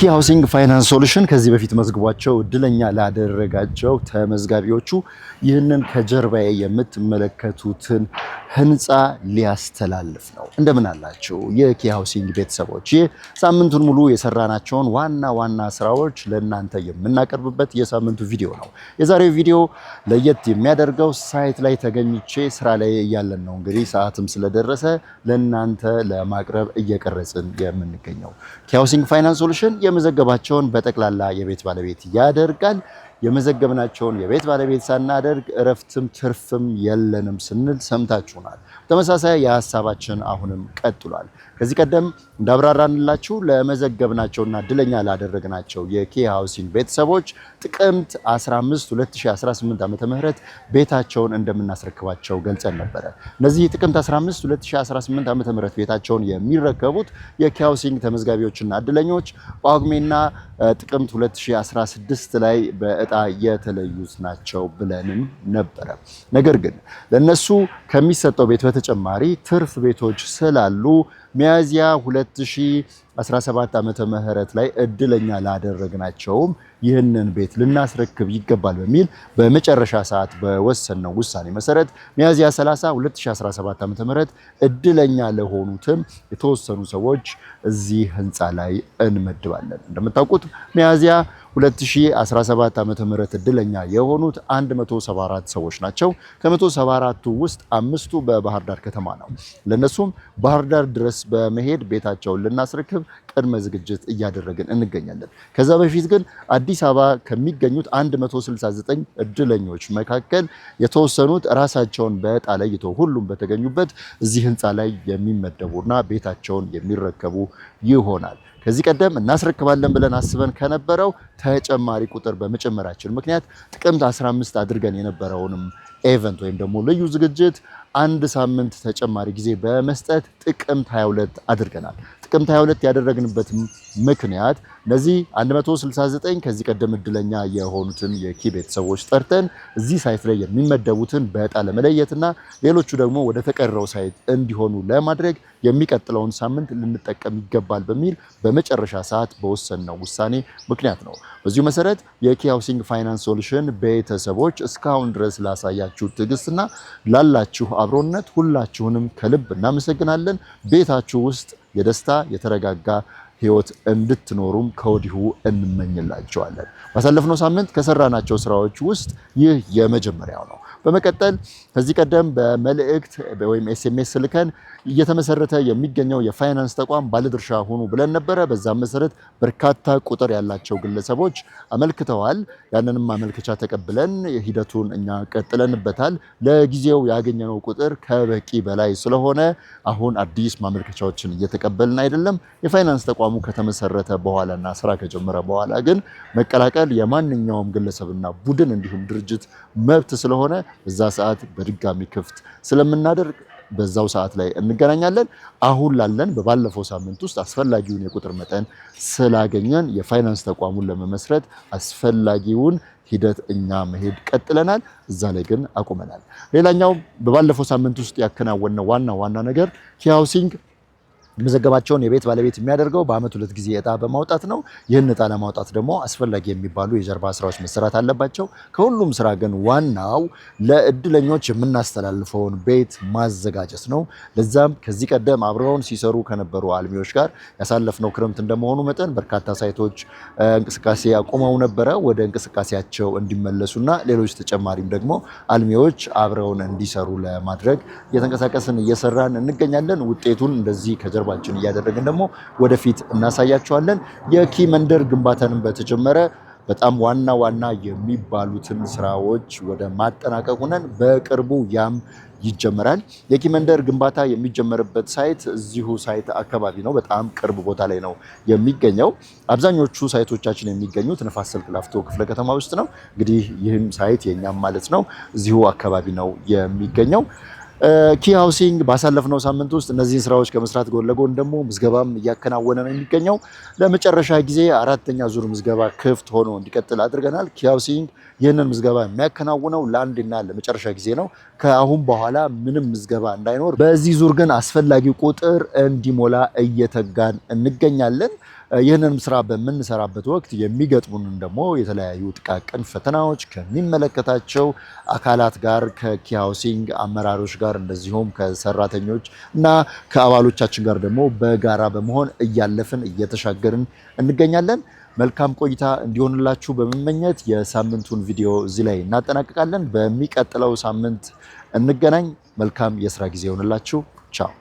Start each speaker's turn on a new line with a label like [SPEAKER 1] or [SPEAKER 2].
[SPEAKER 1] ኪ ሃውሲንግ ፋይናንስ ሶሉሽን ከዚህ በፊት መዝግቧቸው እድለኛ ላደረጋቸው ተመዝጋቢዎቹ ይህንን ከጀርባዬ የምትመለከቱትን ህንፃ ሊያስተላልፍ ነው። እንደምን አላችሁ የኪ ሃውሲንግ ቤተሰቦች? ይህ ሳምንቱን ሙሉ የሰራናቸውን ዋና ዋና ስራዎች ለእናንተ የምናቀርብበት የሳምንቱ ቪዲዮ ነው። የዛሬው ቪዲዮ ለየት የሚያደርገው ሳይት ላይ ተገኝቼ ስራ ላይ እያለን ነው። እንግዲህ ሰዓትም ስለደረሰ ለእናንተ ለማቅረብ እየቀረጽን የምንገኘው ኪ ሃውሲንግ ፋይናንስ ሶሉሽን የመዘገባቸውን በጠቅላላ የቤት ባለቤት ያደርጋል። የመዘገብናቸውን የቤት ባለቤት ሳናደርግ እረፍትም ትርፍም የለንም ስንል ሰምታችሁናል። ተመሳሳይ የሀሳባችን አሁንም ቀጥሏል። ከዚህ ቀደም እንዳብራራንላችሁ ለመዘገብናቸውና እድለኛ ላደረግናቸው የኪ ሃውሲንግ ቤተሰቦች ጥቅምት 15 2018 ዓ ም ቤታቸውን እንደምናስረክባቸው ገልጸን ነበረ። እነዚህ ጥቅምት 15 2018 ዓ ም ቤታቸውን የሚረከቡት የኬ ሃውሲንግ ተመዝጋቢዎችና እድለኞች ጳጉሜና ጥቅምት 2016 ላይ በእጣ የተለዩት ናቸው ብለንም ነበረ። ነገር ግን ለእነሱ ከሚሰጠው ቤት በተጨማሪ ትርፍ ቤቶች ስላሉ ሚያዚያ 2000 17 ዓመተ ምህረት ላይ እድለኛ ላደረግናቸውም ይህንን ቤት ልናስረክብ ይገባል በሚል በመጨረሻ ሰዓት በወሰነው ውሳኔ መሰረት ሚያዝያ 30 2017 ዓ ም እድለኛ ለሆኑትም የተወሰኑ ሰዎች እዚህ ህንፃ ላይ እንመድባለን። እንደምታውቁት ሚያዝያ 2017 ዓመተ ምህረት እድለኛ የሆኑት 174 ሰዎች ናቸው። ከ174ቱ ውስጥ አምስቱ በባህር ዳር ከተማ ነው። ለነሱም ባህር ዳር ድረስ በመሄድ ቤታቸውን ልናስረክብ ቅድመ ዝግጅት እያደረግን እንገኛለን። ከዛ በፊት ግን አዲስ አበባ ከሚገኙት 169 እድለኞች መካከል የተወሰኑት ራሳቸውን በዕጣ ለይተው ሁሉም በተገኙበት እዚህ ህንፃ ላይ የሚመደቡና ቤታቸውን የሚረከቡ ይሆናል። ከዚህ ቀደም እናስረክባለን ብለን አስበን ከነበረው ተጨማሪ ቁጥር በመጨመራችን ምክንያት ጥቅምት 15 አድርገን የነበረውንም ኤቨንት ወይም ደግሞ ልዩ ዝግጅት አንድ ሳምንት ተጨማሪ ጊዜ በመስጠት ጥቅምት 22 አድርገናል። ጥቅምት 22 ያደረግንበት ምክንያት እነዚህ 169 ከዚህ ቀደም እድለኛ የሆኑትን የኪ ቤተሰቦች ጠርተን እዚህ ሳይት ላይ የሚመደቡትን በዕጣ ለመለየትና ሌሎቹ ደግሞ ወደ ተቀረው ሳይት እንዲሆኑ ለማድረግ የሚቀጥለውን ሳምንት ልንጠቀም ይገባል በሚል በመጨረሻ ሰዓት በወሰንነው ውሳኔ ምክንያት ነው። በዚሁ መሰረት የኪ ሃውሲንግ ፋይናንስ ሶሉሽን ቤተሰቦች እስካሁን ድረስ ላሳያችሁ ትዕግስትና ላላችሁ አብሮነት ሁላችሁንም ከልብ እናመሰግናለን። ቤታችሁ ውስጥ የደስታ የተረጋጋ ህይወት እንድትኖሩም ከወዲሁ እንመኝላቸዋለን። ባሳለፍነው ሳምንት ከሰራናቸው ስራዎች ውስጥ ይህ የመጀመሪያው ነው። በመቀጠል ከዚህ ቀደም በመልእክት ወይም ኤስኤምኤስ ልከን እየተመሰረተ የሚገኘው የፋይናንስ ተቋም ባለድርሻ ሆኑ ብለን ነበረ። በዛም መሰረት በርካታ ቁጥር ያላቸው ግለሰቦች አመልክተዋል። ያንንም ማመልከቻ ተቀብለን ሂደቱን እኛ ቀጥለንበታል። ለጊዜው ያገኘነው ቁጥር ከበቂ በላይ ስለሆነ አሁን አዲስ ማመልከቻዎችን እየተቀበልን አይደለም። የፋይናንስ ተቋም ተቋሙ ከተመሰረተ በኋላና ስራ ከጀመረ በኋላ ግን መቀላቀል የማንኛውም ግለሰብና ቡድን እንዲሁም ድርጅት መብት ስለሆነ በዛ ሰዓት በድጋሚ ክፍት ስለምናደርግ በዛው ሰዓት ላይ እንገናኛለን። አሁን ላለን በባለፈው ሳምንት ውስጥ አስፈላጊውን የቁጥር መጠን ስላገኘን የፋይናንስ ተቋሙን ለመመስረት አስፈላጊውን ሂደት እኛ መሄድ ቀጥለናል። እዛ ላይ ግን አቁመናል። ሌላኛው በባለፈው ሳምንት ውስጥ ያከናወነው ዋና ዋና ነገር ኪ ሃውሲንግ መዘገባቸውን የቤት ባለቤት የሚያደርገው በአመት ሁለት ጊዜ እጣ በማውጣት ነው። ይህን እጣ ለማውጣት ደግሞ አስፈላጊ የሚባሉ የጀርባ ስራዎች መሰራት አለባቸው። ከሁሉም ስራ ግን ዋናው ለእድለኞች የምናስተላልፈውን ቤት ማዘጋጀት ነው። ለዛም ከዚህ ቀደም አብረውን ሲሰሩ ከነበሩ አልሚዎች ጋር ያሳለፍነው ክረምት እንደመሆኑ መጠን በርካታ ሳይቶች እንቅስቃሴ አቁመው ነበረ። ወደ እንቅስቃሴያቸው እንዲመለሱና ሌሎች ተጨማሪም ደግሞ አልሚዎች አብረውን እንዲሰሩ ለማድረግ እየተንቀሳቀስን እየሰራን እንገኛለን። ውጤቱን እንደዚህ ከጀርባ ርብርባችን እያደረግን ደግሞ ወደፊት እናሳያቸዋለን። የኪ መንደር ግንባታንም በተጀመረ በጣም ዋና ዋና የሚባሉትን ስራዎች ወደ ማጠናቀቅ ሆነን በቅርቡ ያም ይጀመራል። የኪ መንደር ግንባታ የሚጀመርበት ሳይት እዚሁ ሳይት አካባቢ ነው። በጣም ቅርብ ቦታ ላይ ነው የሚገኘው። አብዛኞቹ ሳይቶቻችን የሚገኙት ንፋስ ስልክ ላፍቶ ክፍለ ከተማ ውስጥ ነው። እንግዲህ ይህም ሳይት የኛም ማለት ነው እዚሁ አካባቢ ነው የሚገኘው። ኪ ሃውሲንግ ባሳለፍነው ሳምንት ውስጥ እነዚህን ስራዎች ከመስራት ጎን ለጎን ደግሞ ምዝገባም እያከናወነ ነው የሚገኘው። ለመጨረሻ ጊዜ አራተኛ ዙር ምዝገባ ክፍት ሆኖ እንዲቀጥል አድርገናል። ኪ ሃውሲንግ ይህንን ምዝገባ የሚያከናውነው ለአንድና ለመጨረሻ ጊዜ ነው። ከአሁን በኋላ ምንም ምዝገባ እንዳይኖር፣ በዚህ ዙር ግን አስፈላጊ ቁጥር እንዲሞላ እየተጋን እንገኛለን። ይህንን ስራ በምንሰራበት ወቅት የሚገጥሙንን ደግሞ የተለያዩ ጥቃቅን ፈተናዎች ከሚመለከታቸው አካላት ጋር ከኪሃውሲንግ አመራሮች ጋር እንደዚሁም ከሰራተኞች እና ከአባሎቻችን ጋር ደግሞ በጋራ በመሆን እያለፍን እየተሻገርን እንገኛለን። መልካም ቆይታ እንዲሆንላችሁ በመመኘት የሳምንቱን ቪዲዮ እዚህ ላይ እናጠናቅቃለን። በሚቀጥለው ሳምንት እንገናኝ። መልካም የስራ ጊዜ ይሆንላችሁ። ቻው